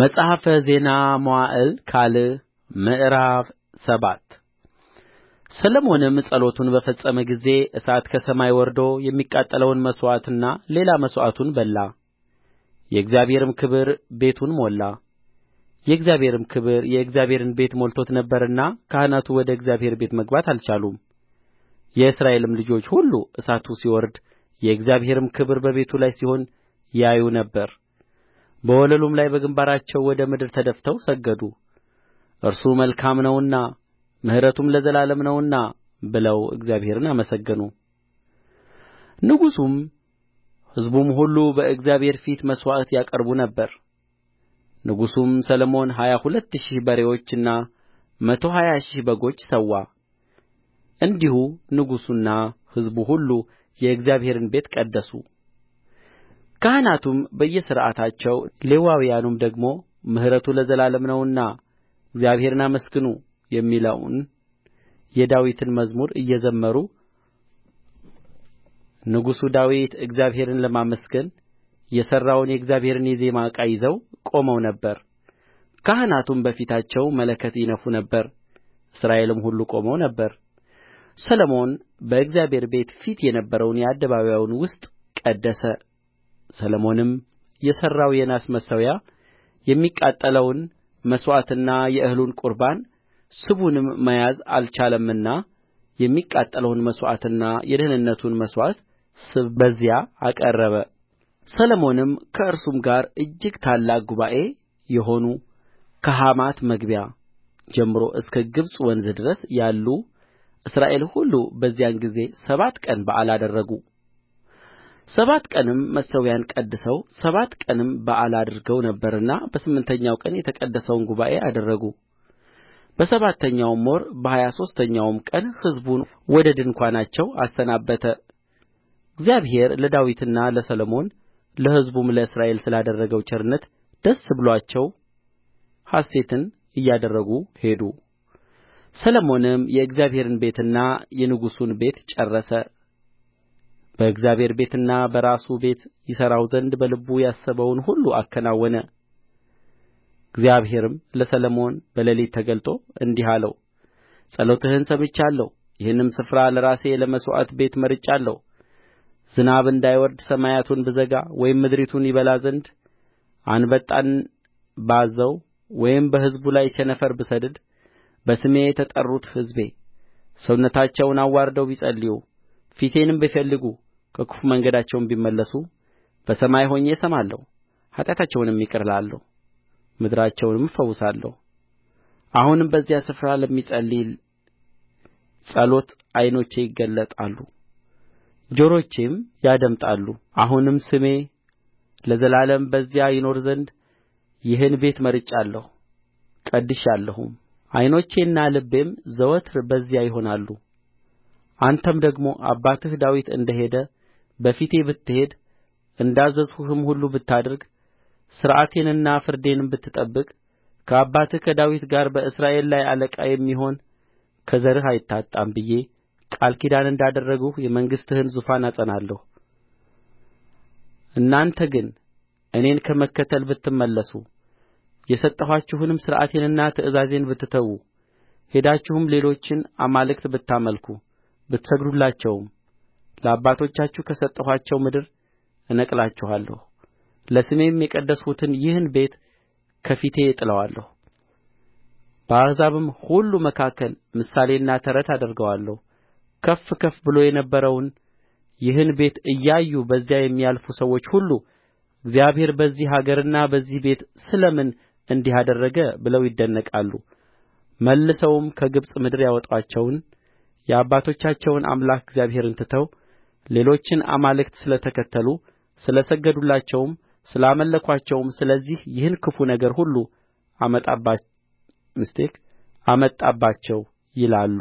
መጽሐፈ ዜና መዋዕል ካልዕ ምዕራፍ ሰባት ሰሎሞንም ጸሎቱን በፈጸመ ጊዜ እሳት ከሰማይ ወርዶ የሚቃጠለውን መሥዋዕትና ሌላ መሥዋዕቱን በላ። የእግዚአብሔርም ክብር ቤቱን ሞላ። የእግዚአብሔርም ክብር የእግዚአብሔርን ቤት ሞልቶት ነበርና ካህናቱ ወደ እግዚአብሔር ቤት መግባት አልቻሉም። የእስራኤልም ልጆች ሁሉ እሳቱ ሲወርድ የእግዚአብሔርም ክብር በቤቱ ላይ ሲሆን ያዩ ነበር። በወለሉም ላይ በግምባራቸው ወደ ምድር ተደፍተው ሰገዱ እርሱ መልካም ነውና ምሕረቱም ለዘላለም ነውና ብለው እግዚአብሔርን አመሰገኑ ንጉሡም ሕዝቡም ሁሉ በእግዚአብሔር ፊት መሥዋዕት ያቀርቡ ነበር ንጉሡም ሰሎሞን ሀያ ሁለት ሺህ በሬዎችና መቶ ሀያ ሺህ በጎች ሠዋ እንዲሁ ንጉሡና ሕዝቡ ሁሉ የእግዚአብሔርን ቤት ቀደሱ ካህናቱም በየሥርዓታቸው ሌዋውያኑም ደግሞ ምሕረቱ ለዘላለም ነውና እግዚአብሔርን አመስግኑ የሚለውን የዳዊትን መዝሙር እየዘመሩ ንጉሡ ዳዊት እግዚአብሔርን ለማመስገን የሠራውን የእግዚአብሔርን የዜማ ዕቃ ይዘው ቆመው ነበር። ካህናቱም በፊታቸው መለከት ይነፉ ነበር፣ እስራኤልም ሁሉ ቆመው ነበር። ሰሎሞን በእግዚአብሔር ቤት ፊት የነበረውን የአደባባዩን ውስጥ ቀደሰ። ሰሎሞንም የሠራው የናስ መሠዊያ የሚቃጠለውን መሥዋዕትና የእህሉን ቍርባን ስቡንም መያዝ አልቻለምና የሚቃጠለውን መሥዋዕትና የደኅንነቱን መሥዋዕት ስብ በዚያ አቀረበ። ሰሎሞንም ከእርሱም ጋር እጅግ ታላቅ ጉባኤ የሆኑ ከሐማት መግቢያ ጀምሮ እስከ ግብጽ ወንዝ ድረስ ያሉ እስራኤል ሁሉ በዚያን ጊዜ ሰባት ቀን በዓል አደረጉ። ሰባት ቀንም መሠዊያውን ቀድሰው ሰባት ቀንም በዓል አድርገው ነበርና በስምንተኛው ቀን የተቀደሰውን ጉባኤ አደረጉ በሰባተኛውም ወር በሀያ ሦስተኛውም ቀን ሕዝቡን ወደ ድንኳናቸው አሰናበተ እግዚአብሔር ለዳዊትና ለሰሎሞን ለሕዝቡም ለእስራኤል ስላደረገው ቸርነት ደስ ብሎአቸው ሐሤትን እያደረጉ ሄዱ ሰሎሞንም የእግዚአብሔርን ቤትና የንጉሡን ቤት ጨረሰ በእግዚአብሔር ቤትና በራሱ ቤት ይሠራው ዘንድ በልቡ ያሰበውን ሁሉ አከናወነ እግዚአብሔርም ለሰሎሞን በሌሊት ተገልጦ እንዲህ አለው ጸሎትህን ሰምቻለሁ ይህንም ስፍራ ለራሴ ለመሥዋዕት ቤት መርጫለሁ ዝናብ እንዳይወርድ ሰማያቱን ብዘጋ ወይም ምድሪቱን ይበላ ዘንድ አንበጣን ባዝዘው ወይም በሕዝቡ ላይ ቸነፈር ብሰድድ በስሜ የተጠሩት ሕዝቤ ሰውነታቸውን አዋርደው ቢጸልዩ ፊቴንም ቢፈልጉ ከክፉ መንገዳቸውም ቢመለሱ በሰማይ ሆኜ እሰማለሁ ኃጢአታቸውንም ይቅር እላለሁ ምድራቸውንም እፈውሳለሁ አሁንም በዚያ ስፍራ ለሚጸለይ ጸሎት ዓይኖቼ ይገለጣሉ ጆሮቼም ያደምጣሉ አሁንም ስሜ ለዘላለም በዚያ ይኖር ዘንድ ይህን ቤት መርጫለሁ ቀድሻለሁም ዓይኖቼና ልቤም ዘወትር በዚያ ይሆናሉ አንተም ደግሞ አባትህ ዳዊት እንደ ሄደ በፊቴ ብትሄድ እንዳዘዝሁህም ሁሉ ብታደርግ ሥርዓቴንና ፍርዴንም ብትጠብቅ ከአባትህ ከዳዊት ጋር በእስራኤል ላይ አለቃ የሚሆን ከዘርህ አይታጣም ብዬ ቃል ኪዳን እንዳደረግሁ የመንግሥትህን ዙፋን አጸናለሁ እናንተ ግን እኔን ከመከተል ብትመለሱ የሰጠኋችሁንም ሥርዓቴንና ትእዛዜን ብትተዉ ሄዳችሁም ሌሎችን አማልክት ብታመልኩ ብትሰግዱላቸውም ለአባቶቻችሁ ከሰጠኋቸው ምድር እነቅላችኋለሁ ለስሜም የቀደስሁትን ይህን ቤት ከፊቴ እጥለዋለሁ በአሕዛብም ሁሉ መካከል ምሳሌና ተረት አደርገዋለሁ ከፍ ከፍ ብሎ የነበረውን ይህን ቤት እያዩ በዚያ የሚያልፉ ሰዎች ሁሉ እግዚአብሔር በዚህ አገርና በዚህ ቤት ስለ ምን እንዲህ አደረገ ብለው ይደነቃሉ። መልሰውም ከግብጽ ምድር ያወጣቸውን የአባቶቻቸውን አምላክ እግዚአብሔርን ትተው ሌሎችን አማልክት ስለ ተከተሉ ስለ ሰገዱላቸውም ስላመለኩአቸውም ስለዚህ ይህን ክፉ ነገር ሁሉ አመጣባቸው ይላሉ